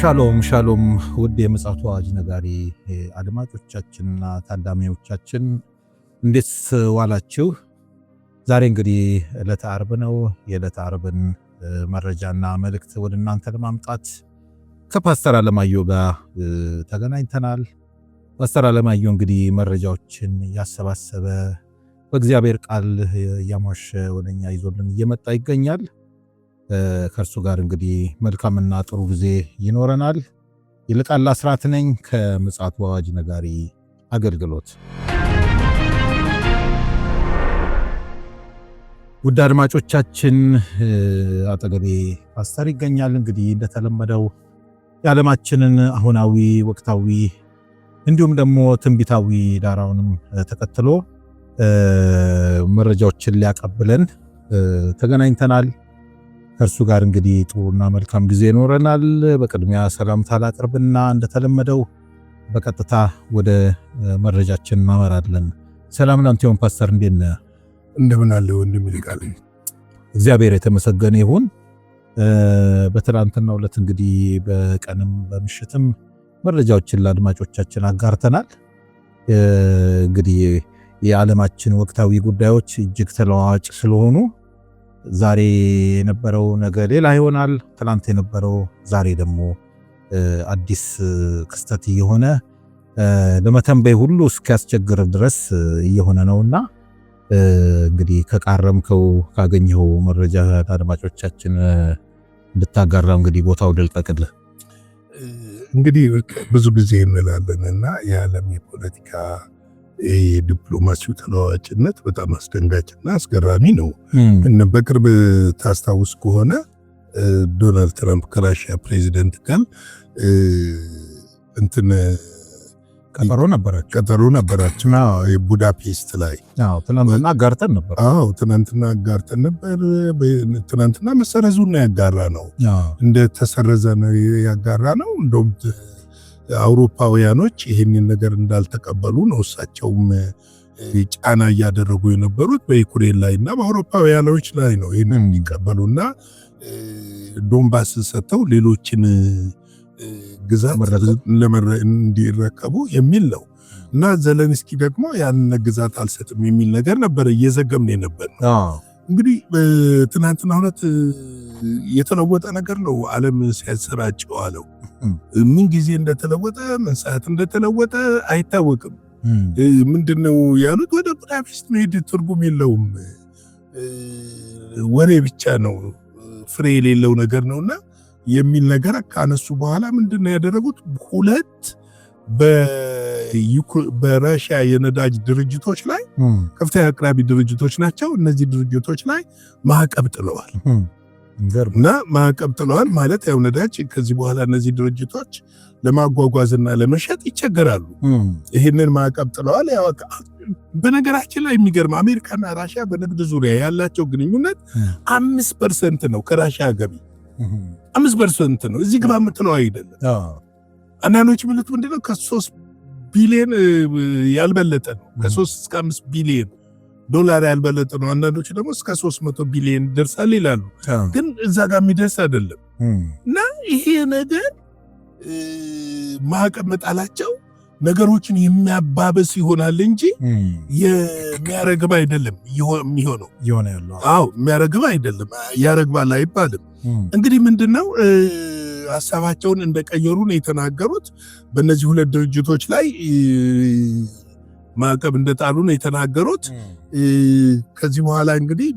ሻሎም ሻሎም ውድ የምፅዓቱ አዋጅ ነጋሪ አድማጮቻችንና ታዳሚዎቻችን እንዴት ዋላችሁ? ዛሬ እንግዲህ ዕለተ ዓርብ ነው። የዕለተ ዓርብን መረጃና መልእክት ወደ እናንተ ለማምጣት ከፓስተር አለማየሁ ጋር ተገናኝተናል። ፓስተር አለማየሁ እንግዲህ መረጃዎችን እያሰባሰበ በእግዚአብሔር ቃል እያሟሸ ወደኛ ይዞልን እየመጣ ይገኛል። ከእርሱ ጋር እንግዲህ መልካምና ጥሩ ጊዜ ይኖረናል። ይልቃል አስራት ነኝ ከምፅዓቱ አዋጅ ነጋሪ አገልግሎት። ውድ አድማጮቻችን አጠገቤ ፓስተር ይገኛል። እንግዲህ እንደተለመደው የዓለማችንን አሁናዊ ወቅታዊ እንዲሁም ደግሞ ትንቢታዊ ዳራውንም ተከትሎ መረጃዎችን ሊያቀብለን ተገናኝተናል። ከእርሱ ጋር እንግዲህ ጥሩና መልካም ጊዜ ይኖረናል። በቅድሚያ ሰላምታ ላቅርብና እንደተለመደው በቀጥታ ወደ መረጃችን እናመራለን። ሰላም ላንተ ይሁን ፓስተር፣ እንዴት ነህ? እንደምን አለ ወንድም ይልቃል። እግዚአብሔር የተመሰገነ ይሁን። በትናንትናው ዕለት እንግዲህ በቀንም በምሽትም መረጃዎችን ለአድማጮቻችን አጋርተናል። እንግዲህ የዓለማችን ወቅታዊ ጉዳዮች እጅግ ተለዋዋጭ ስለሆኑ ዛሬ የነበረው ነገ ሌላ ይሆናል። ትናንት የነበረው ዛሬ ደግሞ አዲስ ክስተት እየሆነ ለመተንበይ ሁሉ እስኪያስቸግር ድረስ እየሆነ ነውና እንግዲህ ከቃረምከው ካገኘው መረጃ አድማጮቻችን እንድታጋራ እንግዲህ ቦታው ድልጠቅል እንግዲህ ብዙ ጊዜ እንላለን እና የዓለም የፖለቲካ የዲፕሎማሲው ተለዋዋጭነት በጣም አስደንጋጭና አስገራሚ ነው። በቅርብ ታስታውስ ከሆነ ዶናልድ ትራምፕ ከራሽያ ፕሬዚደንት ጋር እንትን ቀጠሮ ነበራቸው ቀጠሮ ነበራቸው ቡዳፔስት ላይ ትናንትና አጋርተን ነበር። አዎ ትናንትና አጋርተን ነበር። ትናንትና መሰረዙና ያጋራ ነው እንደተሰረዘ ነው ያጋራ ነው እንደውም አውሮፓውያኖች ይህንን ነገር እንዳልተቀበሉ ነው እሳቸውም ጫና እያደረጉ የነበሩት በዩክሬን ላይ እና በአውሮፓውያኖች ላይ ነው ይህን እንዲቀበሉ እና ዶንባስን ሰጥተው ሌሎችን ግዛት እንዲረከቡ የሚል ነው እና ዘለንስኪ ደግሞ ያንን ግዛት አልሰጥም የሚል ነገር ነበረ እየዘገምን የነበር ነው። እንግዲህ ትናንትና ሁለት የተለወጠ ነገር ነው ዓለም ሲያሰራጭ ዋለው። ምን ጊዜ እንደተለወጠ ምን ሰዓት እንደተለወጠ አይታወቅም። ምንድነው ያሉት? ወደ ቡዳፔስት መሄድ ትርጉም የለውም፣ ወሬ ብቻ ነው፣ ፍሬ የሌለው ነገር ነውና የሚል ነገር ካነሱ በኋላ ምንድነው ያደረጉት? ሁለት በራሽያ የነዳጅ ድርጅቶች ላይ ከፍተኛ አቅራቢ ድርጅቶች ናቸው። እነዚህ ድርጅቶች ላይ ማዕቀብ ጥለዋል። እና ማዕቀብ ጥለዋል ማለት ያው ነዳጅ ከዚህ በኋላ እነዚህ ድርጅቶች ለማጓጓዝና ለመሸጥ ይቸገራሉ። ይህንን ማዕቀብ ጥለዋል። በነገራችን ላይ የሚገርም አሜሪካና ራሻ በንግድ ዙሪያ ያላቸው ግንኙነት አምስት ፐርሰንት ነው። ከራሽያ ገቢ አምስት ፐርሰንት ነው። እዚህ ግባ የምትለው አይደለም። አንዳንዶች ምልት ምንድነው ከሶስት ቢሊዮን ያልበለጠ ነው። ከሶስት እስከ አምስት ቢሊዮን ዶላር ያልበለጠ ነው። አንዳንዶች ደግሞ እስከ 300 ቢሊዮን ይደርሳል ይላሉ። ግን እዛ ጋር የሚደርስ አይደለም እና ይሄ ነገር ማዕቀብ መጣላቸው ነገሮችን የሚያባበስ ይሆናል እንጂ የሚያረግብ አይደለም የሚሆነው። አዎ የሚያረግብ አይደለም፣ ያረግባል አይባልም። እንግዲህ ምንድነው ሀሳባቸውን እንደቀየሩ ነው የተናገሩት በእነዚህ ሁለት ድርጅቶች ላይ ማዕቀብ እንደጣሉ ነው የተናገሩት። ከዚህ በኋላ እንግዲህ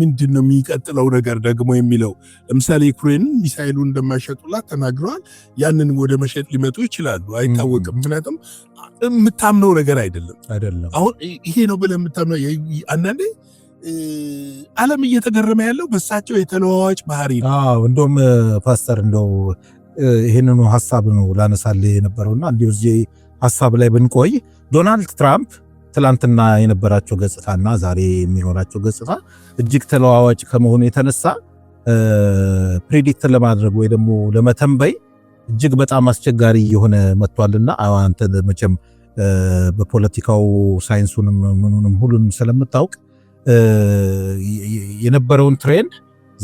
ምንድን ነው የሚቀጥለው ነገር ደግሞ የሚለው ለምሳሌ ዩክሬን ሚሳይሉ እንደማይሸጡላት ተናግረዋል። ያንን ወደ መሸጥ ሊመጡ ይችላሉ፣ አይታወቅም። ምክንያቱም የምታምነው ነገር አይደለም። አሁን ይሄ ነው ብለህ የምታምነው አንዳንዴ ዓለም እየተገረመ ያለው በሳቸው የተለዋዋጭ ባህሪ ነው። እንደውም ፓስተር እንደው ይህንኑ ሀሳብ ነው ላነሳልህ የነበረውና እንዲሁ እዚህ ሀሳብ ላይ ብንቆይ ዶናልድ ትራምፕ ትላንትና የነበራቸው ገጽታና ዛሬ የሚኖራቸው ገጽታ እጅግ ተለዋዋጭ ከመሆኑ የተነሳ ፕሬዲክት ለማድረግ ወይ ደግሞ ለመተንበይ እጅግ በጣም አስቸጋሪ የሆነ መጥቷልና አንተ መቼም በፖለቲካው ሳይንሱንም ምኑንም ሁሉንም ስለምታውቅ የነበረውን ትሬንድ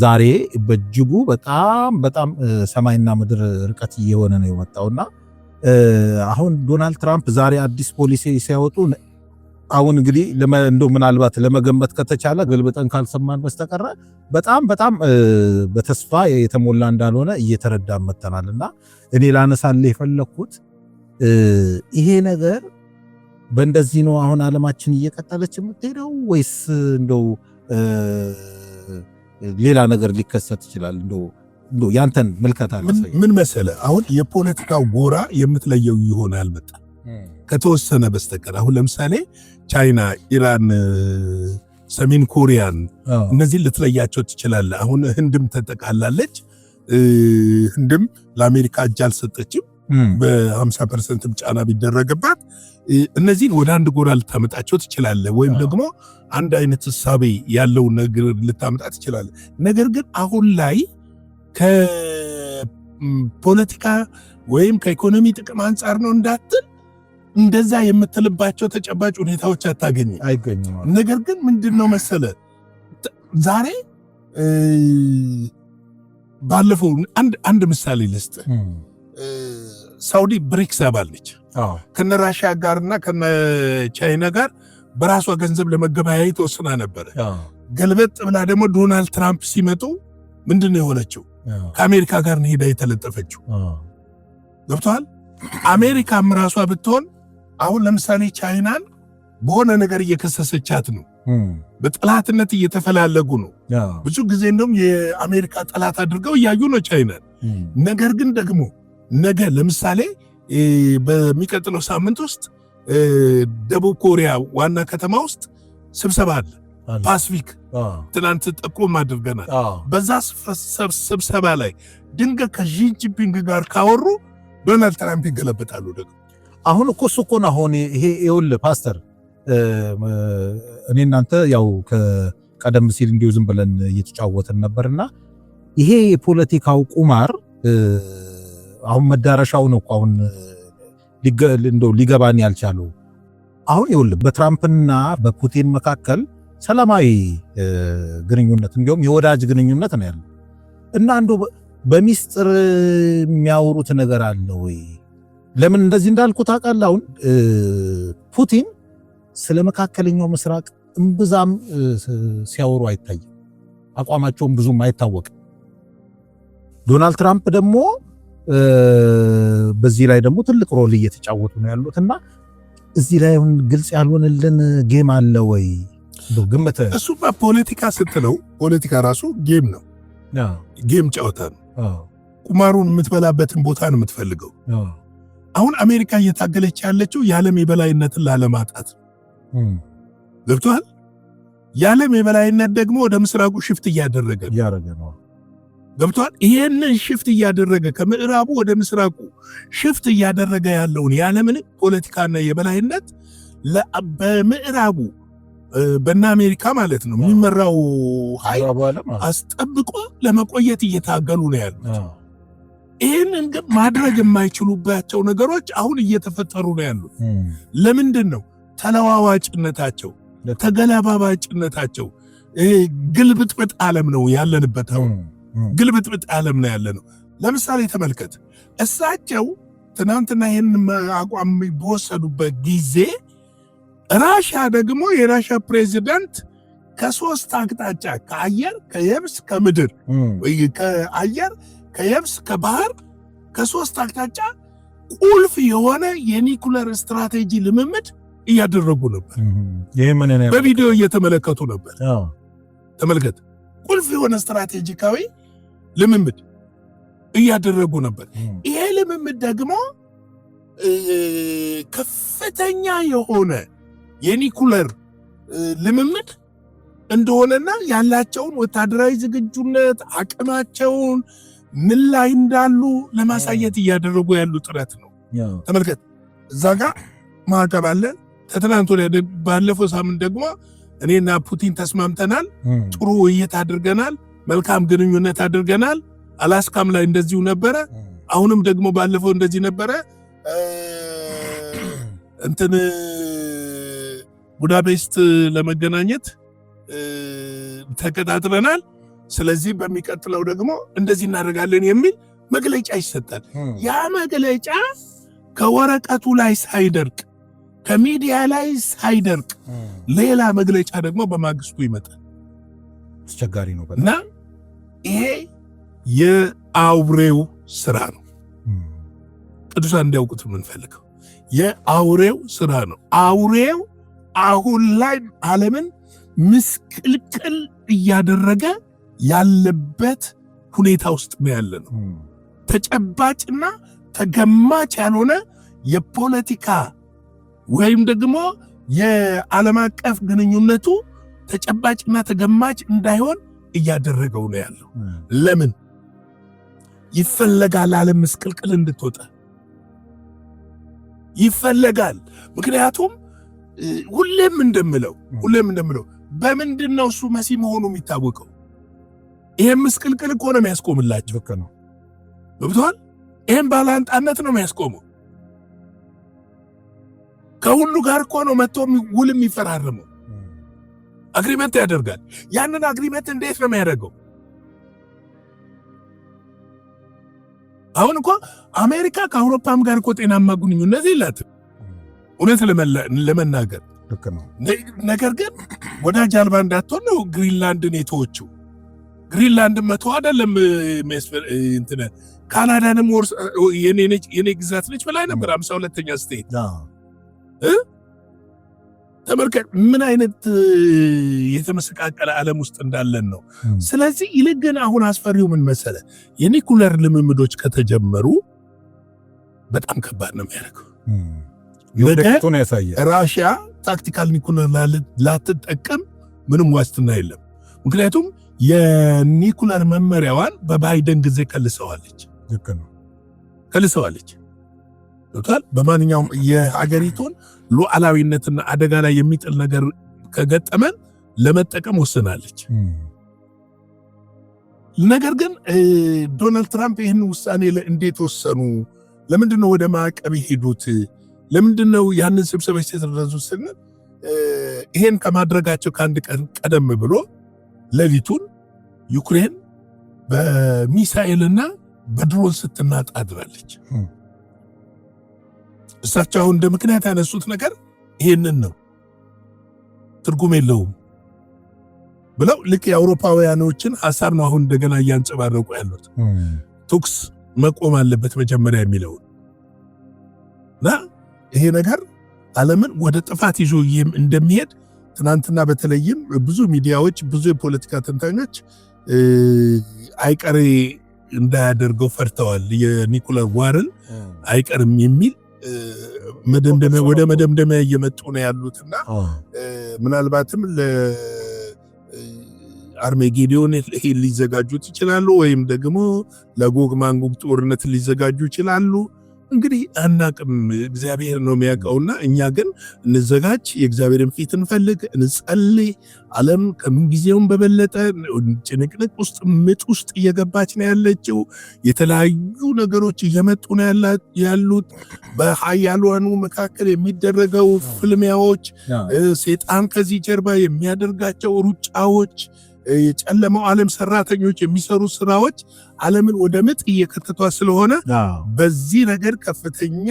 ዛሬ በእጅጉ በጣም በጣም ሰማይና ምድር ርቀት እየሆነ ነው የመጣውና አሁን ዶናልድ ትራምፕ ዛሬ አዲስ ፖሊሲ ሲያወጡ አሁን እንግዲህ እንደ ምናልባት ለመገመት ከተቻለ ገልብጠን ካልሰማን በስተቀረ በጣም በጣም በተስፋ የተሞላ እንዳልሆነ እየተረዳን መጥተናል። እና እኔ ላነሳልህ የፈለግኩት ይሄ ነገር በእንደዚህ ነው አሁን አለማችን እየቀጠለች የምትሄደው ወይስ እንደው ሌላ ነገር ሊከሰት ይችላል። እንዶ ያንተን ምልከታ ምን መሰለ፣ አሁን የፖለቲካ ጎራ የምትለየው ይሆን አልመጣ ከተወሰነ በስተቀር አሁን ለምሳሌ ቻይና፣ ኢራን፣ ሰሜን ኮሪያን እነዚህን ልትለያቸው ትችላለ። አሁን ህንድም ተጠቃላለች። ህንድም ለአሜሪካ እጅ አልሰጠችም። በ50 ፐርሰንትም ጫና ቢደረግባት እነዚህን ወደ አንድ ጎራ ልታመጣቸው ትችላለ፣ ወይም ደግሞ አንድ አይነት እሳቤ ያለው ነገር ልታመጣ ትችላለ። ነገር ግን አሁን ላይ ከፖለቲካ ወይም ከኢኮኖሚ ጥቅም አንጻር ነው እንዳትል እንደዛ የምትልባቸው ተጨባጭ ሁኔታዎች አታገኝ አይገኝም። ነገር ግን ምንድን ነው መሰለ ዛሬ ባለፈው አንድ ምሳሌ ልስጥ ሳውዲ ብሪክስ አባል ነች። ከነ ራሽያ ጋርና ከነ ቻይና ጋር በራሷ ገንዘብ ለመገበያየት ወስና ነበረ። ገልበጥ ብላ ደግሞ ዶናልድ ትራምፕ ሲመጡ ምንድን ነው የሆነችው? ከአሜሪካ ጋር ሄዳ የተለጠፈችው ገብተዋል። አሜሪካም ራሷ ብትሆን አሁን ለምሳሌ ቻይናን በሆነ ነገር እየከሰሰቻት ነው። በጠላትነት እየተፈላለጉ ነው። ብዙ ጊዜ እንደውም የአሜሪካ ጠላት አድርገው እያዩ ነው ቻይናን። ነገር ግን ደግሞ ነገ ለምሳሌ በሚቀጥለው ሳምንት ውስጥ ደቡብ ኮሪያ ዋና ከተማ ውስጥ ስብሰባ አለ። ፓስፊክ ትናንት ጠቆም አድርገናል። በዛ ስብሰባ ላይ ድንገት ከዢንጂፒንግ ጋር ካወሩ ዶናልድ ትራምፕ ይገለበጣሉ። ደግሞ አሁን እኮ እሱ እኮ ነው አሁን ይሄ ይኸውልህ ፓስተር፣ እኔ እናንተ ያው ከቀደም ሲል እንዲሁ ዝም ብለን እየተጫወትን ነበርና ይሄ የፖለቲካው ቁማር አሁን መዳረሻው ነው አሁን እንደው ሊገባን ያልቻለው አሁን ይውል በትራምፕና በፑቲን መካከል ሰላማዊ ግንኙነት እንዲሁም የወዳጅ ግንኙነት ነው ያለው እና አንዱ በሚስጥር የሚያወሩት ነገር አለ ወይ? ለምን እንደዚህ እንዳልኩ ታውቃለህ? አሁን ፑቲን ስለ መካከለኛው ምስራቅ እምብዛም ሲያወሩ አይታይም። አቋማቸውም ብዙም አይታወቅም። ዶናልድ ትራምፕ ደግሞ በዚህ ላይ ደግሞ ትልቅ ሮል እየተጫወቱ ነው ያሉት እና እዚህ ላይ አሁን ግልጽ ያልሆንልን ጌም አለ ወይ ግምት? እሱ ፖለቲካ ስትለው ፖለቲካ ራሱ ጌም ነው፣ ጌም ጨዋታ ነው። ቁማሩን የምትበላበትን ቦታ ነው የምትፈልገው። አሁን አሜሪካ እየታገለች ያለችው የዓለም የበላይነትን ላለማጣት ገብቷል። የዓለም የበላይነት ደግሞ ወደ ምስራቁ ሽፍት እያደረገ ነው ገብቷል። ይህንን ሽፍት እያደረገ ከምዕራቡ ወደ ምስራቁ ሽፍት እያደረገ ያለውን የዓለምን ፖለቲካና የበላይነት በምዕራቡ በና አሜሪካ ማለት ነው የሚመራው ኃይል አስጠብቆ ለመቆየት እየታገሉ ነው ያሉት። ይህንን ግን ማድረግ የማይችሉባቸው ነገሮች አሁን እየተፈጠሩ ነው ያሉት። ለምንድን ነው? ተለዋዋጭነታቸው፣ ተገለባባጭነታቸው፣ ግልብጥብጥ ዓለም ነው ያለንበት አሁን ግልብጥብጥ ዓለም ነው ያለ ነው። ለምሳሌ ተመልከት፣ እሳቸው ትናንትና ይህን አቋም በወሰዱበት ጊዜ ራሻ ደግሞ የራሻ ፕሬዚደንት ከሶስት አቅጣጫ ከአየር፣ ከየብስ፣ ከምድር ከአየር፣ ከየብስ፣ ከባህር ከሶስት አቅጣጫ ቁልፍ የሆነ የኒኩለር ስትራቴጂ ልምምድ እያደረጉ ነበር። በቪዲዮ እየተመለከቱ ነበር። ተመልከት ቁልፍ የሆነ ስትራቴጂካዊ ልምምድ እያደረጉ ነበር። ይሄ ልምምድ ደግሞ ከፍተኛ የሆነ የኒኩለር ልምምድ እንደሆነና ያላቸውን ወታደራዊ ዝግጁነት አቅማቸውን ምን ላይ እንዳሉ ለማሳየት እያደረጉ ያሉ ጥረት ነው። ተመልከት፣ እዛ ጋ ማዕቀብ አለ። ከትናንት ወዲያ ባለፈው ሳምንት ደግሞ እኔና ፑቲን ተስማምተናል፣ ጥሩ ውይይት አድርገናል መልካም ግንኙነት አድርገናል። አላስካም ላይ እንደዚሁ ነበረ። አሁንም ደግሞ ባለፈው እንደዚህ ነበረ። እንትን ቡዳፔስት ለመገናኘት ተቀጣጥረናል። ስለዚህ በሚቀጥለው ደግሞ እንደዚህ እናደርጋለን የሚል መግለጫ ይሰጣል። ያ መግለጫ ከወረቀቱ ላይ ሳይደርቅ ከሚዲያ ላይ ሳይደርቅ ሌላ መግለጫ ደግሞ በማግስቱ ይመጣል። አስቸጋሪ ነው እና ይሄ የአውሬው ስራ ነው። ቅዱሳን እንዲያውቁት የምንፈልገው የአውሬው ስራ ነው። አውሬው አሁን ላይ ዓለምን ምስቅልቅል እያደረገ ያለበት ሁኔታ ውስጥ ነው ያለ ነው። ተጨባጭና ተገማች ያልሆነ የፖለቲካ ወይም ደግሞ የዓለም አቀፍ ግንኙነቱ ተጨባጭና ተገማች እንዳይሆን እያደረገው ነው ያለው። ለምን ይፈለጋል? ዓለም ምስቅልቅል እንድትወጣ ይፈለጋል። ምክንያቱም ሁሌም እንደምለው ሁሌም እንደምለው በምንድን ነው እሱ መሲ መሆኑ የሚታወቀው? ይሄን ምስቅልቅል እኮ ነው የሚያስቆምላቸው እኮ ነው ብብቷል። ይሄን ባላንጣነት ነው የሚያስቆመው። ከሁሉ ጋር እኮ ነው መጥቶ ውል የሚፈራረመው አግሪመንት ያደርጋል። ያንን አግሪመንት እንዴት ነው የሚያደርገው? አሁን እኮ አሜሪካ ከአውሮፓም ጋር እኮ ጤናማ ግንኙነት የላትም እውነት ለመናገር ነገር ግን ወዳጅ አልባ እንዳትሆን ነው ግሪንላንድን የተወችው። ግሪንላንድን መተው አይደለም ካናዳንም የኔ ግዛት ነች ብላይ ነበር ሀምሳ ሁለተኛ ስቴት ተመልከት ምን አይነት የተመሰቃቀለ ዓለም ውስጥ እንዳለን ነው። ስለዚህ ይልቅ ግን አሁን አስፈሪው ምን መሰለ፣ የኒኩለር ልምምዶች ከተጀመሩ በጣም ከባድ ነው የሚያደርገው። ራሽያ ታክቲካል ኒኩለር ላትጠቀም ምንም ዋስትና የለም። ምክንያቱም የኒኩለር መመሪያዋን በባይደን ጊዜ ከልሰዋለች ከልሰዋለች። በማንኛውም የሀገሪቱን ሉዓላዊነትና አደጋ ላይ የሚጥል ነገር ከገጠመን ለመጠቀም ወስናለች። ነገር ግን ዶናልድ ትራምፕ ይህን ውሳኔ እንዴት ወሰኑ? ለምንድነው ወደ ማዕቀብ ሄዱት? ለምንድነው ያንን ስብሰባ? የተደረሱ ስንል ይሄን ከማድረጋቸው ከአንድ ቀን ቀደም ብሎ ሌሊቱን ዩክሬን በሚሳኤልና በድሮን ስትናጣ አድራለች። እሳቸው አሁን እንደ ምክንያት ያነሱት ነገር ይሄንን ነው። ትርጉም የለውም ብለው ልክ የአውሮፓውያኖችን ሀሳብ ነው አሁን እንደገና እያንጸባረቁ ያሉት። ቱክስ መቆም አለበት መጀመሪያ የሚለውን እና ይሄ ነገር ዓለምን ወደ ጥፋት ይዞ እንደሚሄድ ትናንትና በተለይም ብዙ ሚዲያዎች፣ ብዙ የፖለቲካ ተንታኞች አይቀሬ እንዳያደርገው ፈርተዋል። የኒኮላስ ዋርን አይቀርም የሚል መደምደሚያ ወደ መደምደሚያ እየመጡ ነው ያሉትና ምናልባትም ይሄ ሊዘጋጁት ይችላሉ፣ ወይም ደግሞ ለጎግ ማንጎግ ጦርነት ሊዘጋጁ ይችላሉ። እንግዲህ አናቅም፣ እግዚአብሔር ነው የሚያውቀውና እኛ ግን እንዘጋጅ፣ የእግዚአብሔርን ፊት እንፈልግ፣ እንጸልይ። ዓለም ከምንጊዜውም በበለጠ ጭንቅንቅ ውስጥ ምጥ ውስጥ እየገባች ነው ያለችው። የተለያዩ ነገሮች እየመጡ ነው ያሉት። በሀያሏኑ መካከል የሚደረገው ፍልሚያዎች፣ ሴጣን ከዚህ ጀርባ የሚያደርጋቸው ሩጫዎች፣ የጨለመው ዓለም ሰራተኞች የሚሰሩ ስራዎች ዓለምን ወደ ምጥ እየከተቷ ስለሆነ በዚህ ነገር ከፍተኛ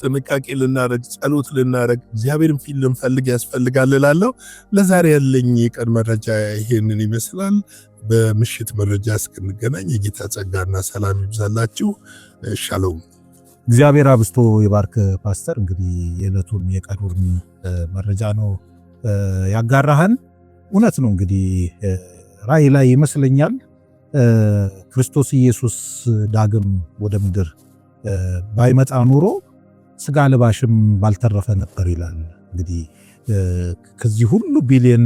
ጥንቃቄ ልናረግ፣ ጸሎት ልናረግ፣ እግዚአብሔርን ፊት ልንፈልግ ያስፈልጋል እላለሁ። ለዛሬ ያለኝ የቀን መረጃ ይሄንን ይመስላል። በምሽት መረጃ እስክንገናኝ የጌታ ጸጋና ሰላም ይብዛላችሁ። ሻሎም። እግዚአብሔር አብስቶ የባርክ። ፓስተር እንግዲህ የዕለቱን የቀኑን መረጃ ነው ያጋራህን። እውነት ነው እንግዲህ ራእይ ላይ ይመስለኛል ክርስቶስ ኢየሱስ ዳግም ወደ ምድር ባይመጣ ኑሮ ስጋ ለባሽም ባልተረፈ ነበር ይላል። እንግዲህ ከዚህ ሁሉ ቢሊየን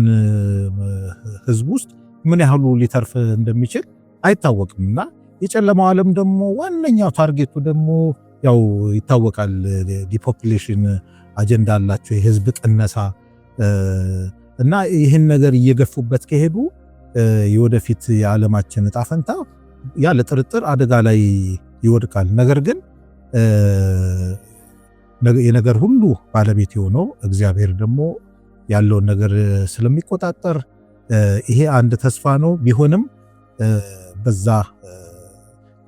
ህዝብ ውስጥ ምን ያህሉ ሊተርፍ እንደሚችል አይታወቅም እና የጨለማው ዓለም ደግሞ ዋነኛው ታርጌቱ ደግሞ ያው ይታወቃል። ዲፖፕሌሽን አጀንዳ አላቸው፣ የህዝብ ቅነሳ እና ይህን ነገር እየገፉበት ከሄዱ የወደፊት የዓለማችን እጣ ፈንታ ያለ ጥርጥር አደጋ ላይ ይወድቃል። ነገር ግን የነገር ሁሉ ባለቤት የሆነው እግዚአብሔር ደግሞ ያለውን ነገር ስለሚቆጣጠር ይሄ አንድ ተስፋ ነው። ቢሆንም በዛ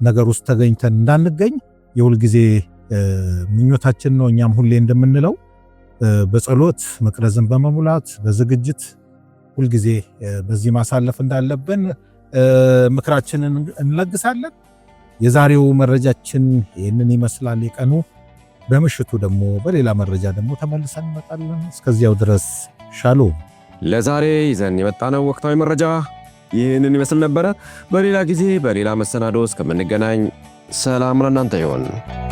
ነገር ውስጥ ተገኝተን እንዳንገኝ የሁልጊዜ ምኞታችን ነው። እኛም ሁሌ እንደምንለው በጸሎት መቅረዝን በመሙላት በዝግጅት ሁልጊዜ በዚህ ማሳለፍ እንዳለብን ምክራችንን እንለግሳለን። የዛሬው መረጃችን ይህንን ይመስላል። የቀኑ በምሽቱ ደግሞ በሌላ መረጃ ደግሞ ተመልሰን እንመጣለን። እስከዚያው ድረስ ሻሎም። ለዛሬ ይዘን የመጣነው ወቅታዊ መረጃ ይህንን ይመስል ነበረ። በሌላ ጊዜ በሌላ መሰናዶ እስከምንገናኝ ሰላም ለእናንተ ይሆን።